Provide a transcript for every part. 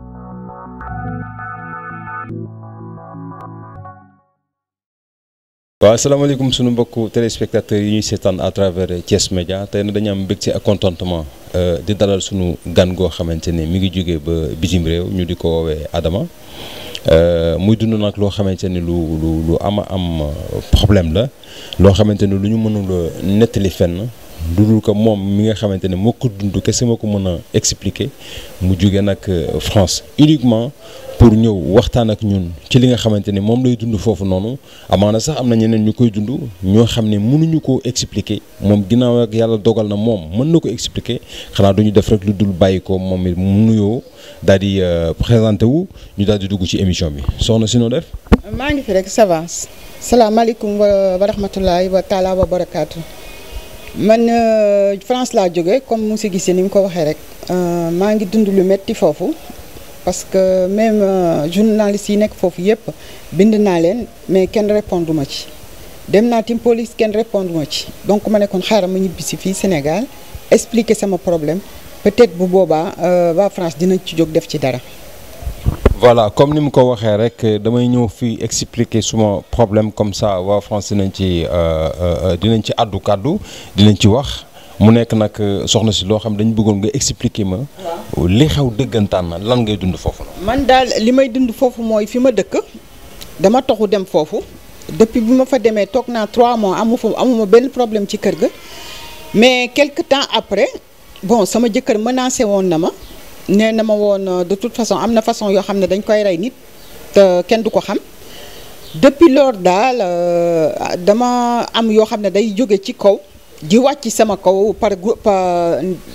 waaw asalaamaaleykum sunu mbokku téléspectateurs yi ñuy seetaan à travers Thiès Média tey na dañu am mbégte ak contentement euh, di dalal sunu gan goo xamante ni mi ngi jóge ba bitim réew ñu di ko woowee aadama euh, muy dund nag loo xamante ni lu lu lu ama am euh, problème la loo xamante ni lu ñu mënul nettali fenn. lu ko moom mi nga xamante ne moo ko dund kese moo ko mën a expliquer mu jóge nag euh, France uniquement pour ñëw waxtaan ak ñun ci li nga xamante ne moom lay dund foofu noonu amaana sax am na ñeneen ñu koy dund ñoo xam ne mënuñu koo expliquer moom ginnaaw ak yàlla dogal na moom mën na ko expliquer xanaa duñu def rek lu dul bàyyi ko moom it mu daal di euh, présenté wu ñu daal di dugg ci émission bi soxna si def. maa ngi fi rek savance va salaamaaleykum wa rahmatulahi wa taala wa barakaatu. man euh, France laa jóge comme mu si gisee ni mu ko waxee rek euh, maa ngi dund lu metti foofu parce que même euh, journaliste yi nekk foofu yëpp bind naa leen mais kenn répondre ma ci dem naa tim police kenn répondre ma ci donc ma ne kon xaaral ma ñibbi si fii Sénégal expliquer sama problème peut-être bu boobaa waa France dinañ ci jóg def ci dara voilà comme ni mu ko waxee rek damay ñëw fii expliquer suma problème comme ça waa France dinañ ci euh, euh, euh, dinañ ci àddu kàddu dinañ ci wax mu nekk nag soxna si loo xam dañu bëggoon nga expliquer ma. li xew dëggantaan na lan ngay dund foofu. man daal li may dund foofu mooy fi ma dëkk dama toxu dem foofu depuis bi ma fa demee toog naa trois mois amu fa amuma benn problème ci kër ga mais quelque temps après bon sama jëkkër menacé woon na ma. né na ma euh, de toute façon amna façon yo xamné dañ koy ray nit te kenn du ko xam depuis lors daal euh, dama am yo xamné day joggé ci kaw di wàcc sama kaw par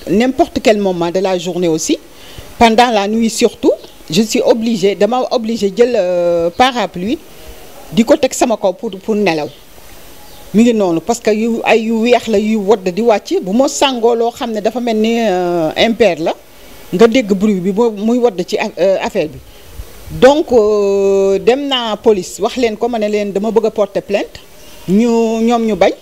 n'importe quel moment de la journée aussi pendant la nuit surtout je suis obligée dama obligée jël euh, parapluie di ko teg sama kaw pour pour nelaw mi ngi noonu parce que yu ay yu weex la yu wodd di wàcc bu ma sàngoo xamné dafa melni ni impair la nga dégg bruit bi boobu muy wadd ci euh, affaire bi donc euh, dem naa police wax leen ko ma ne leen dama bëgg a porter ñu ñoom ñu bañ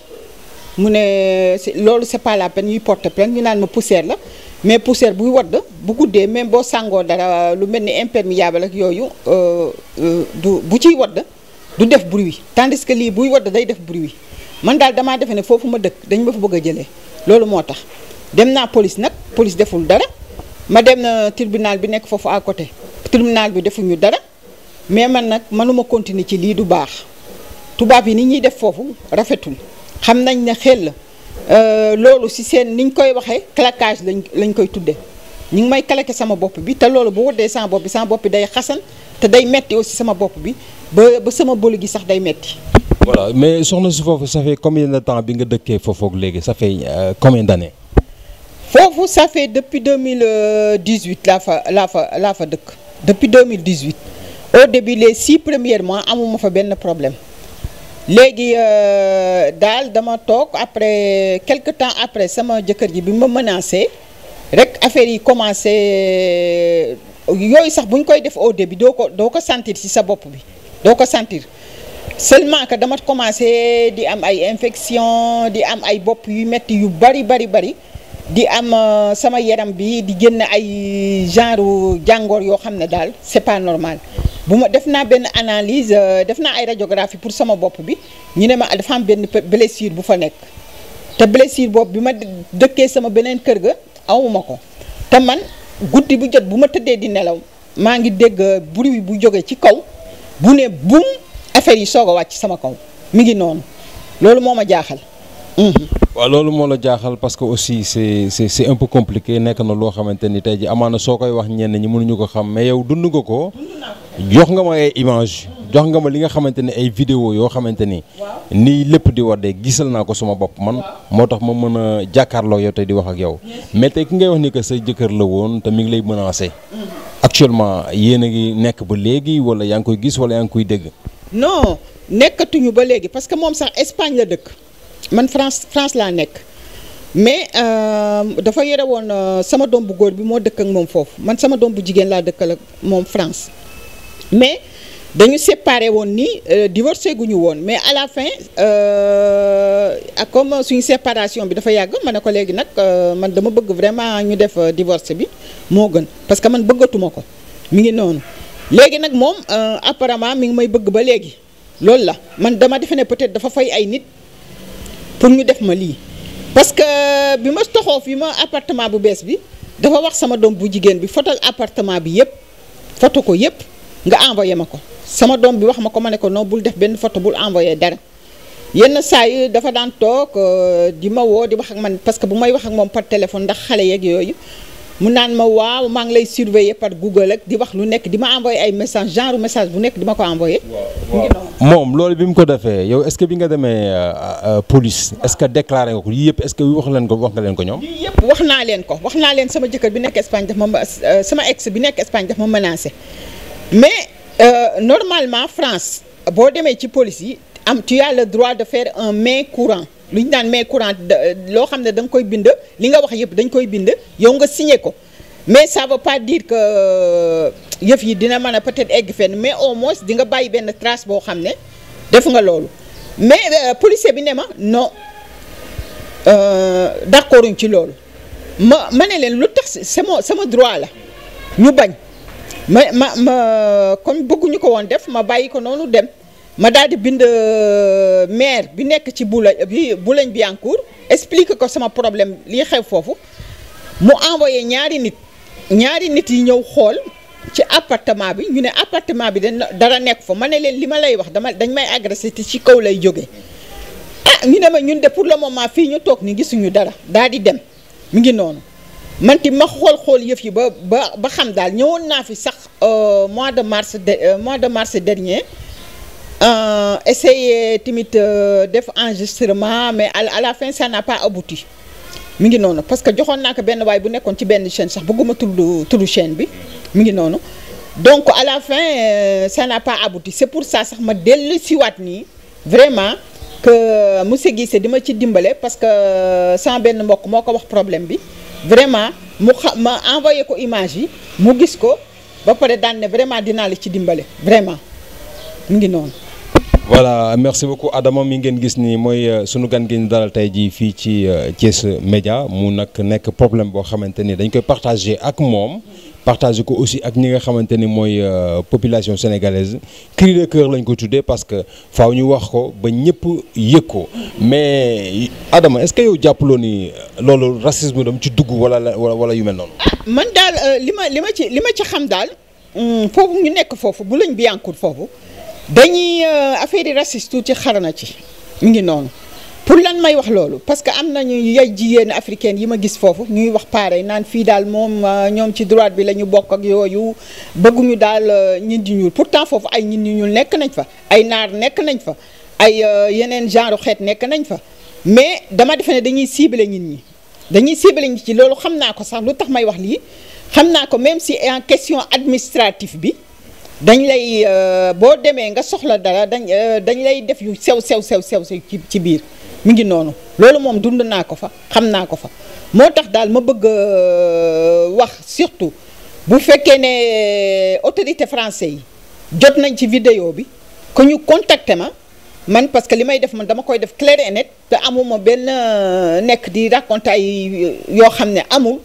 mu ne loolu c'est pas la peine ñuy porter plainte ñu naan ma poussière la mais poussière buy wodd bu guddee même boo sàngoo dara lu mel ni impermiable ak yooyu euh, du bu ciy wadd du def bruit tandis que lii buy wadd day def bruit man daal damaa defe ne foofu ma dëkk dañ ma fa bëgg a jëlee loolu moo tax dem naa police nag police deful dara. Madame tribunal bi nek fofu à côté tribunal bi defuñu dara mais man nak manuma continuer ci li du baax bi ni ñi def fofu rafetul xam nañ ne xel euh, si sen niñ koy waxe claquage lañ koy tudde may claquer sama bi bu bop bi sans bop bi day day metti aussi sama mais ça fait combien de temps bi nga vous ça fait euh, combien d'années foofu ça fait depuis 2018 la fa la fa laa fa depuis 2018 au début les six premiers mois amuma fa benn problème Les euh, dal dama toog après quelque temps après sama jëkkër ji bi ma menacé rek affaire yi commencé euh, yo sax buñ koy def au début doko ko sentir ci sa bop bi doko sentir seulement que dama commencé di am ay infection di am ay bop yu metti yu bari bari bari di am euh, sama yaram bi di génn ay genre jàngoor yoo xam ne daal c'est pas normal bu ma def naa benn analyse euh, def naa ay radiographie pour sama bopp bi ñu ne ma dafa am benn blessure bu fa nekk te blessure bopp bi ma dëkkee sama beneen kër ga awuma ko te man guddi bu jot bu ma tëddee di nelaw maa ngi dégg bruit bu jóge ci kaw bu ne buum affaire yi soog a wàcc sama kaw mi ngi noonu loolu moo ma jaaxal. waaw loolu moo la jaaxal parce que aussi c'est c'est c'est un peu compliqué nekk na loo xamante ni tey ji amaana soo koy wax ñenn ñi mënuñu ko xam mais yow dund nga ko jox nga ma ay image jox nga ma li nga xamante ne ay vidéo yoo xamante ni nii lépp di de gisal naa ko sama bopp man moo tax ma mën a jàkkaarloo yow te di wax ak yow mais tey ki ngay wax ni que sa jëkkër la woon te mi ngi lay menacé mm. actuellement yéen a ngi nekk ba léegi wala yaa ngi koy gis wala ngi koy dégg ba léegi parce que moom sax Espagne la dëkk man France France la nek mais euh, dafa yore won euh, sama dombu goor bi ak man sama ak France mais dañu séparé won ni euh, divorcé guñu won mais à la fin comme une séparation bi dafa yag mané ko man dama bëgg vraiment ñu def divorce bi mo gën parce que man bëggatumako mi ngi légui nak mom Je apparemment mi ngi may bëgg ba légui la man dama défé peut-être dafa fay ay nit pour ñu def ma lii parce que bi ma toxoo fi ma appartement bu bees bi dafa wax sama doom bu jigéen bi foto appartement bi yëpp foto ko yëpp nga envoyé ma ko sama doom bi wax ma ko ma ne ko non bul def benn foto bul envoyé dara yenn saa yi dafa daan toog euh, di ma woo di wax ak man parce que bu may wax ak moom par téléphone ndax xale yeeg yooyu mu naan ma waaw maa ngi lay surveiller par Google ak di wax lu nekk di ma envoyé ay message genre message bu nekk di ma ko envoyé. moom loolu bi mu ko defee yow est-ce que bi nga demee euh, euh, euh, police est-ce que déclaré nga ko yii yëpp est-ce que wax leen ko wax nga leen ko ñoom. yii yëpp wax naa leen ko wax naa leen sama jëkkër bi nekk Espagne daf ma sama ex bi nekk Espagne daf ma menacé mais normalement France boo demee ci police yi am tu as le droit de faire un main courant. lu ñu naan mais courant loo xam ne da koy bind li nga wax yëpp dañ koy bind yow nga signé ko mais ça veut pas dire que euh, yëf yi dina mën a peut-être egg fenn mais au moins di nga bàyyi benn trace boo xam ne def nga loolu mais euh, policier bi ne ma non euh, d'accorduñ ci loolu ma ma ne leen lu tax sama sama droit la ñu bañ ma ma ma kon bëgguñu ko woon def ma bàyyi ko noonu dem. ma daal di bind euh, maire bi nekk ci bula bi Boulogne Billancourt explique ko sama problème lii xew foofu mu envoyé ñaari nit ñaari nit yi ñëw xool ci appartement bi ñu ne appartement bi dañ dara nekk fa ma ne leen li ma lay wax dama dañ may agressé te ci kaw lay jóge ah ñu ne ma ñun de pour le moment fii ñu toog ni gisuñu dara daal di dem mu ngi noonu man ti ma xool xool yëf yi ba ba ba xam daal ñëwoon naa fi sax euh, mois de mars de euh, mois de mars dernier. Euh, essayer tamit euh, def enregistrement mais à la fin ça n'a pas abouti mi ngi noonu parce que joxoon naa ko benn waay bu nekkoon ci benn chaîne sax bëgguma tudd tudd bi mi ngi noonu donc à la fin euh, ça n'a pas abouti c'est pour ça sax ma dellu siwaat nii vraiment que monsieur Guissé di ma ci dimbale parce que sama benn mbokk moo ko wax problème bi vraiment mu xa ma envoyé ko image yi mu gis ko ba pare daan ne vraiment dinaa la ci dimbale vraiment mu ngi noonu voilà merci beaucoup Adama mi ngeen gis ni moy euh, suñu gan gi ñu dalal tey jii ci euh, Thiès Média mu nak nek problème bo xamanteni ni dañ koy partager ak mom partager ko aussi ak ñi nga xamante ni euh, population sénégalaise cri de cœur lañ ko tuddee parce que faaw ñu wax ko ba ñepp yeko mais Adama est-ce que yow jàppaloo ni lolu racisme dam ci dugg wala wala yu mel noonu. Ah, man dal lima lima ci lima ci xam dal hmm, fofu ñu nek fofu bu lañ bi yànkul dañuy euh, affaire yi raciste tuuti xarana ci mu ngi noonu pour lan may wax loolu parce que am nañu yay jigéen africaine yi ma gis foofu ñuy wax paare naan fii daal moom euh, ñoom ci droite bi la ñu bokk ak yooyu bëgguñu daal euh, ñin di ñuul pourtant foofu ay ñin di ñuul nekk nañ fa ay naar nekk nañ fa ay yeneen genre xeet nekk nañ fa mais dama defe ne dañuy ciblé ñin ñi dañuy ciblé ñi ci loolu xam naa ko sax lu tax may wax lii xam naa ko même si en question administrative bi dañ lay euh, boo demee nga soxla dara dañ euh, dañ lay def yu sew sew sew sew sew ci ci biir mu ngi noonu loolu moom dund naa ko fa xam naa ko fa moo tax daal ma bëgg euh, wax surtout bu fekkee ne autorité français yi jot nañ ci vidéo bi ku ñu contacté ma man parce que li may def man dama koy def clair et net te amuma benn nekk di raconter ay yoo xam ne amul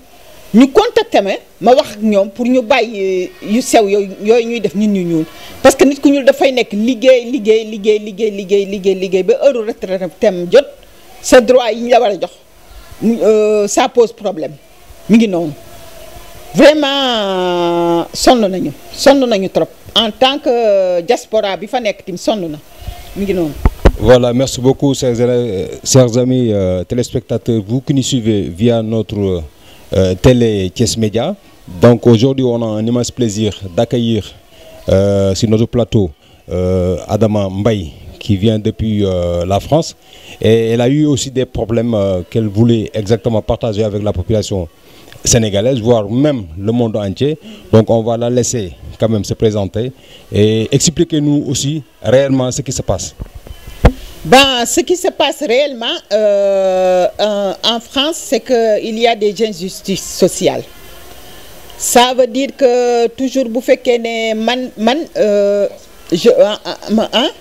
ñu contacté ma wax ñom pour ñu bàyyi yu sew yoy ñuy def nit ñu ñun parce que nit ku ñul ñuul dafay nekk liguey liguey liguey liguey liguey liguey liggéey ba heure retraite tem jot sa droit yi ñu la war a jox euh, ça pose problème mi ngi noonu vraiment sonn nañu sonn nañu trop en tant que euh, diaspora bi fa nek tim sonn na mi ngi noonu Voilà, merci beaucoup, chers, euh, chers amis euh, téléspectateurs, vous qui nous suivez via notre euh euh, télé Thiès Média. Donc aujourd'hui, on a un immense plaisir d'accueillir euh, sur notre plateau euh, Adama Mbaye qui vient depuis la France. Et elle a eu aussi des problèmes qu'elle voulait exactement partager avec la population sénégalaise, voire même le monde entier. Donc on va la laisser quand même se présenter et expliquer nous aussi réellement ce qui se passe. Ben, ce qui se passe réellement euh, en, France, c'est qu'il y a des injustices sociales. Ça veut dire que toujours vous faites man, man euh, ah, ah, hein?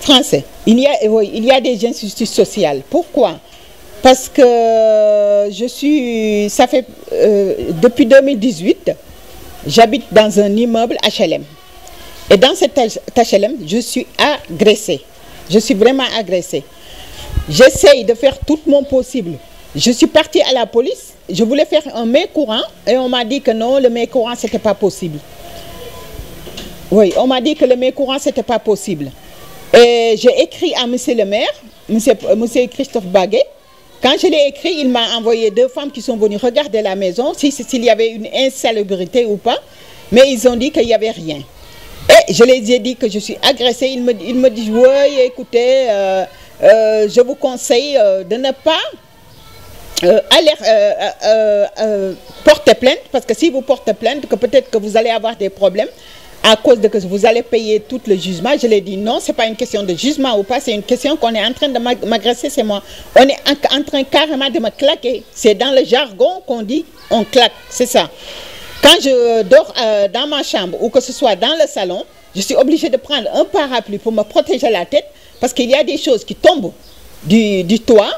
français. Il y, a, il y a des injustices sociales. Pourquoi Parce que je suis, ça fait euh, depuis 2018, j'habite dans un immeuble HLM. Et dans cet HLM, je suis agressée. Je suis vraiment agressée. J'essaye de faire tout mon possible. Je suis partie à la police. Je voulais faire un mécourant. courant et on m'a dit que non, le mais courant, ce n'était pas possible. Oui, on m'a dit que le mai courant, ce n'était pas possible. Et j'ai écrit à Monsieur le maire, Monsieur, Christophe Baguet. Quand je l'ai écrit, il m'a envoyé deux femmes qui sont venues regarder la maison, s'il y avait une insalubrité ou pas. Mais ils ont dit qu'il n'y avait rien. Et eh, je les ai dit que je suis agressée. Ils me, me disent, oui, écoutez, euh, euh, je vous conseille euh, de ne pas porter plainte, parce que si vous portez plainte, que peut-être que vous allez avoir des problèmes à cause de que vous allez payer tout le jugement. Je l'ai dit non, ce n'est pas une question de jugement ou pas, c'est une question qu'on est en train de m'agresser, c'est moi. On est en train carrément de me claquer. C'est dans le jargon qu'on dit on claque, c'est ça. Quand je dors euh, dans ma chambre ou que ce soit dans le salon, je suis obligée de prendre un parapluie pour me protéger la tête parce qu'il y a des choses qui tombent du, du, toit.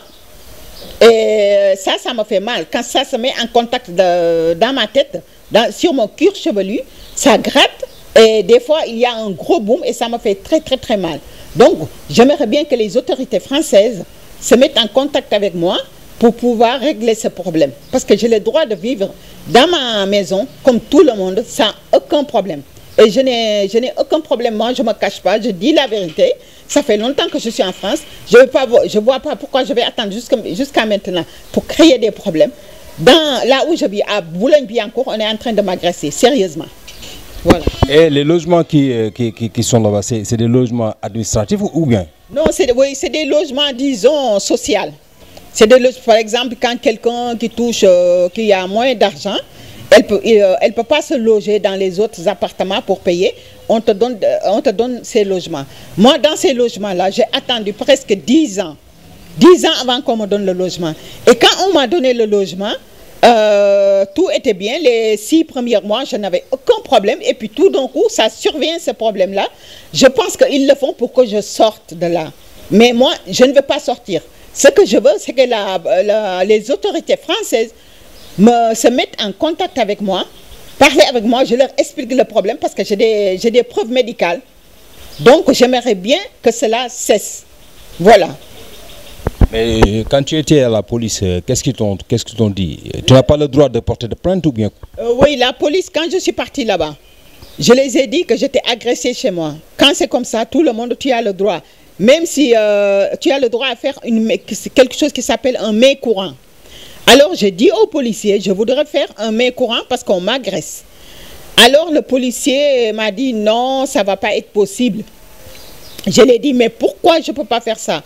Et ça, ça me fait mal. Quand ça se met en contact dans ma tête, dans, sur mon cuir chevelu, ça gratte. Et des fois, il y a un gros boom et ça me fait très, très, très mal. Donc, j'aimerais bien que les autorités françaises se mettent en contact avec moi pour pouvoir régler ce problème. Parce que j'ai le droit de vivre dans ma maison, comme tout le monde, sans aucun problème. Et je n'ai aucun problème, moi je ne me cache pas, je dis la vérité. Ça fait longtemps que je suis en France, je ne vois pas pourquoi je vais attendre jusqu'à maintenant pour créer des problèmes. Dans, là où je vis, à Boulogne-Billancourt, on est en train de m'agresser, sérieusement. Voilà. Et les logements qui, euh, qui, qui, sont là-bas, c'est des logements administratifs ou bien Non, c'est des logements, disons, sociaux. C'est par exemple quand quelqu'un qui touche, euh, qui a moins d'argent, elle peut, euh, elle peut pas se loger dans les autres appartements pour payer. On te donne, euh, on te donne ces logements. Moi, dans ces logements-là, j'ai attendu presque 10 ans. 10 ans avant qu'on me donne le logement. Et quand on m'a donné le logement, tout était bien. Les six premiers mois, je n'avais aucun problème. Et puis tout d'un coup, ça survient ce problème-là. Je pense qu'ils le font pour que je sorte de là. Mais moi, je ne veux pas sortir. Ce que je veux, c'est que les autorités françaises me, se mettent en contact avec moi, parlent avec moi, je leur explique le problème parce que j'ai des, des, preuves médicales. Donc j'aimerais bien que cela cesse. Voilà. Mais quand tu étais à la police, euh, qu'est-ce qu'ils t'ont dit Tu n'as pas le droit de porter de plainte ou bien euh, Oui, la police, quand je suis partie là-bas, je les ai dit que j'étais agressée chez moi. Quand c'est comme ça, tout le monde, tu as le droit même si euh, tu as le droit à faire quelque chose qui s'appelle un main courant. Alors j'ai dit au policier, je voudrais faire un main courant parce qu'on m'agresse. Alors le policier m'a dit, non, ça ne va pas être possible. Je lui ai dit, mais pourquoi je ne peux pas faire ça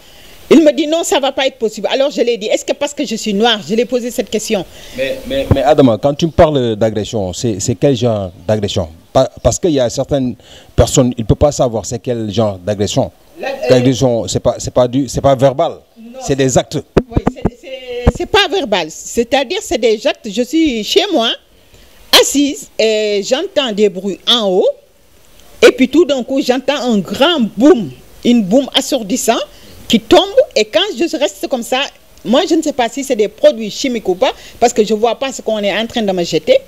il me dit non, ça ne va pas être possible. Alors je l'ai dit, est-ce que parce que je suis noir je l'ai posé cette question. Mais, mais, Adama, quand tu me parles d'agression, c'est quel genre d'agression Parce qu'il y a certaines personnes, il ne peut pas savoir c'est quel genre d'agression c'est pas, pas, verbal, c'est des actes. c'est pas verbal. C'est-à-dire, c'est des actes. Je suis chez moi, assise, et j'entends des bruits en haut. Et puis tout d'un coup, j'entends un grand boom, une boom assourdissant qui tombe. Et quand je reste comme ça, moi, je ne sais pas si c'est des produits chimiques ou pas, parce que je ne vois pas ce qu'on est en train de me jeter.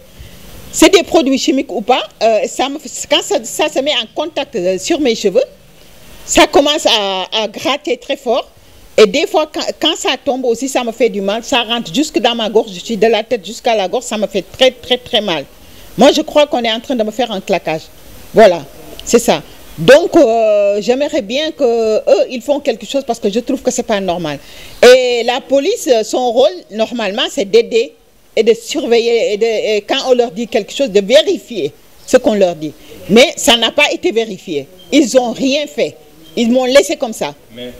C'est des produits chimiques ou pas. Euh, ça quand ça, ça se met en contact euh, sur mes cheveux, ça commence à, gratter très fort. Et des fois, quand, ça tombe aussi, ça me fait du mal. Ça rentre jusque dans ma gorge, je suis de la tête jusqu'à la gorge, ça me fait très, très, très mal. Moi, je crois qu'on est en train de me faire un claquage. Voilà, c'est ça. Donc, euh, j'aimerais bien qu'eux, ils font quelque chose parce que je trouve que ce n'est pas normal. Et la police, son rôle, normalement, c'est d'aider et de surveiller, et, et quand on leur dit quelque chose, de vérifier ce qu'on leur dit. Mais ça n'a pas été vérifié. Ils n'ont rien fait. Ils m'ont laissé comme ça. Mais,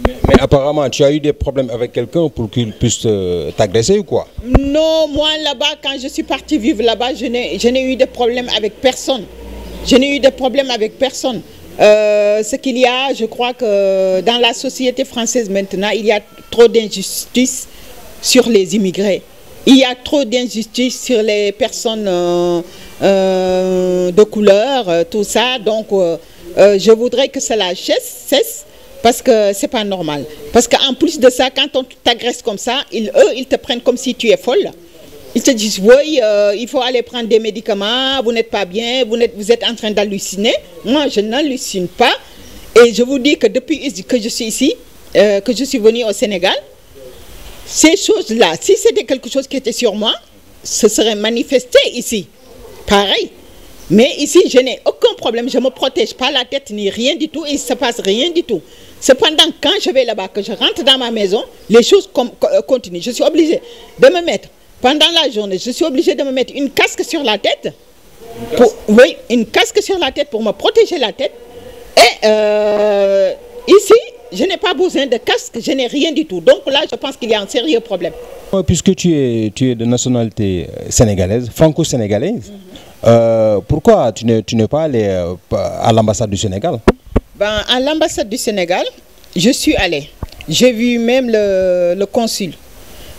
apparemment, tu as eu des problèmes avec quelqu'un pour qu'il puisse euh, t'agresser ou quoi Non, moi là-bas, quand je suis partie vivre là-bas, je n'ai eu de problèmes avec personne. Je n'ai eu de problèmes avec personne. Euh, ce qu'il y a, je crois que dans la société française maintenant, il y a trop d'injustice sur les immigrés. Il y a trop d'injustice sur les personnes euh, de couleur, tout ça. Donc, euh, je voudrais que cela cesse parce que c'est pas normal. Parce qu'en plus de ça, quand on t'agresse comme ça, ils, eux, ils te prennent comme si tu es folle. Ils te disent, oui, euh, il faut aller prendre des médicaments, vous n'êtes pas bien, vous êtes, vous êtes en train d'halluciner. Moi, je n'hallucine pas. Et je vous dis que depuis que je suis ici, euh, que je suis venue au Sénégal, ces choses-là, si c'était quelque chose qui était sur moi, ce serait manifesté ici. Pareil. Mais ici, je n'ai aucun problème. Je ne me protège pas la tête ni rien du tout. Il ne se passe rien du tout. Cependant, quand je vais là-bas, que je rentre dans ma maison, les choses euh, continuent. Je suis obligée de me mettre, pendant la journée, je suis obligée de me mettre une casque sur la tête. oui, une casque sur la tête pour me protéger la tête. Et euh, ici, je n'ai pas besoin de casque, je n'ai rien du tout. Donc là, je pense qu'il y a un sérieux problème. Puisque tu es, de nationalité euh, sénégalaise, franco-sénégalaise, mhm. Euh, pourquoi tu n'es, tu pas allé euh, à l'ambassade du Sénégal ben, À l'ambassade du Sénégal, je suis allée. J'ai vu même le, le consul.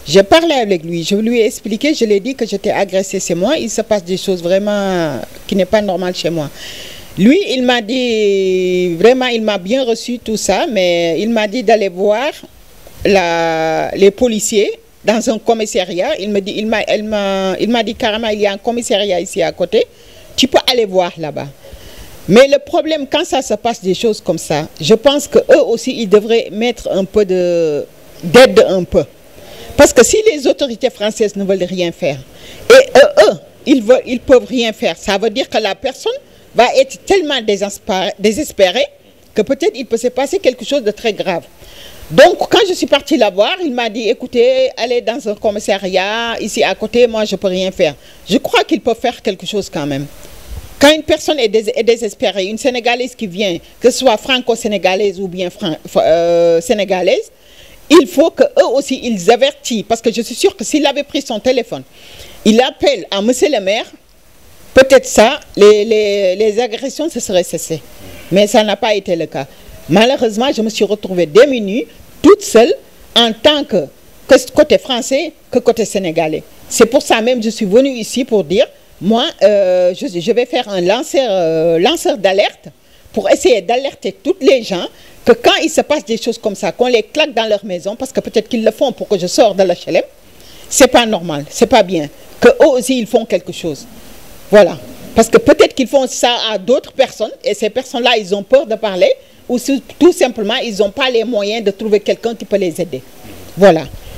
J'ai parlé avec lui, je lui ai expliqué, je lui ai dit que j'étais agressée chez moi, il se passe des choses vraiment qui n'est pas normal chez moi. Lui, il m'a dit, vraiment, il m'a bien reçu tout ça, mais il m'a dit d'aller voir la, les policiers dans un commissariat. Il me dit, il m'a, il m'a dit carrément, il y a un commissariat ici à côté. Tu peux aller voir là-bas. Mais le problème, quand ça se passe des choses comme ça, je pense que eux aussi, ils devraient mettre un peu de d'aide un peu. Parce que si les autorités françaises ne veulent rien faire, et eux, eux ils ne ils peuvent rien faire, ça veut dire que la personne va être tellement désespérée que peut-être il peut se passer quelque chose de très grave. Donc, quand je suis partie la voir, il m'a dit, écoutez, allez dans un commissariat, ici à côté, moi, je ne peux rien faire. Je crois qu'il peut faire quelque chose quand même. Quand une personne est, désespérée, une Sénégalaise qui vient, que ce soit franco-sénégalaise ou bien euh, sénégalaise, il faut qu'eux aussi, ils avertissent. Parce que je suis sûre que s'il avait pris son téléphone, il appelle à monsieur le maire, peut-être ça, les, les agressions se seraient cessées. Mais ça n'a pas été le cas. Malheureusement, je me suis retrouvée démunie, toute seule, en tant que, côté français que côté sénégalais. C'est pour ça même que je suis venue ici pour dire, moi, euh, je, vais faire un euh, lanceur, d'alerte pour essayer d'alerter toutes les gens que quand il se passe des choses comme ça, qu'on les claque dans leur maison, parce que peut-être qu'ils le font pour que je sors de la l'HLM, c'est pas normal, c'est pas bien. Que aussi, ils font quelque chose. Voilà. Parce que peut-être qu'ils font ça à d'autres personnes et ces personnes-là, ils ont peur de parler ou tout simplement, ils n'ont pas les moyens de trouver quelqu'un qui peut les aider. Voilà.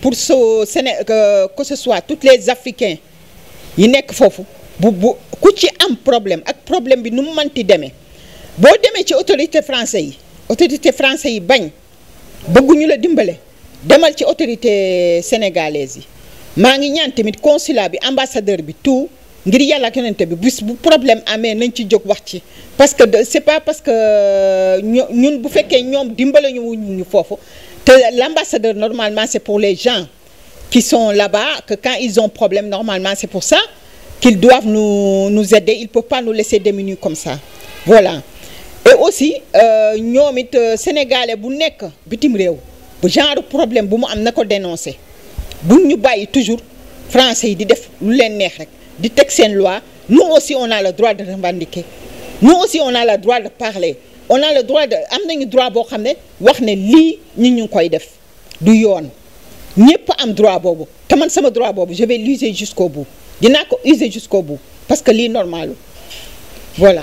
pour ce que que ce soit tous les Africains yi nekk foofu bu ku problème un problème bi nous manque mënti demee boo demee ci autorité française yi autorité français yi beaucoup bëgguñu la le demal ci autorité sénégalaise yi maa ngi consulat bi ambassadeur tout ngir yàlla ak bi bis bu problème amé nañ ci jóg wax ci parce que c'est pas parce que euh, ñun bu féké ñom dimbalé ñu ñu fofu té l'ambassadeur normalement c'est pour les gens qui sont là-bas que quand ils ont problème normalement c'est pour ça qu'ils doivent nous nous aider ils peuvent pas nous laisser démunis comme ça voilà et aussi euh, ñoom it euh, sénégalais bu nek bitim réew bu genre problème bu mu am nako ko dénoncer buñ ñu bàyyi toujours français yi di def lu len neex du texte une loi, nous aussi on a le droit de revendiquer. Nous aussi on a le droit de parler. On a le droit de am le droit bo xamné ne wax ne lii ñi ñu koy def du yoon Ñepp am droit bobu. te man sama droit bobu, je vais l'user jusqu'au bout Dina ko user jusqu'au bout parce que li normal. voilà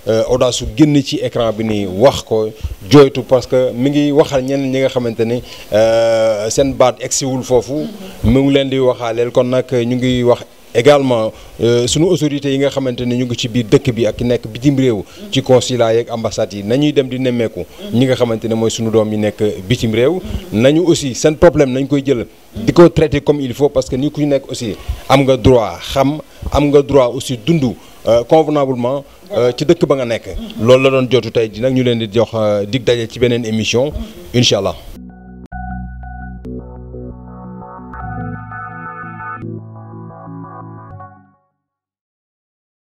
Euh, audace su génn ci écran bi nii wax ko jooytu parce que mi ngi waxal ñenn ñi nga xamante ni euh, seen baat egsiwul foofu mu mm-hmm. ngi leen di waxaaleel kon nag ñu ngi wax également euh, sunu autorité yi nga xamante ne ñu ngi ci biir dëkk bi ak nekk bitim réew ci mm-hmm. consulat yeeg ambassades yi nañuy dem di nemmeeku mm-hmm. ñi nga xamante ne mooy sunu doom yi nekk bitim réew nañu aussi seen problème nañ koy jël di ko traité comme il faut parce que ni ku nekk aussi am nga droit xam am nga droit aussi dund Euh, convenablement euh, ci dëkk ba nga nekk. loolu la doon jotu tey dinag ñu leen di jox euh, dig daje ci beneen émission incha allah.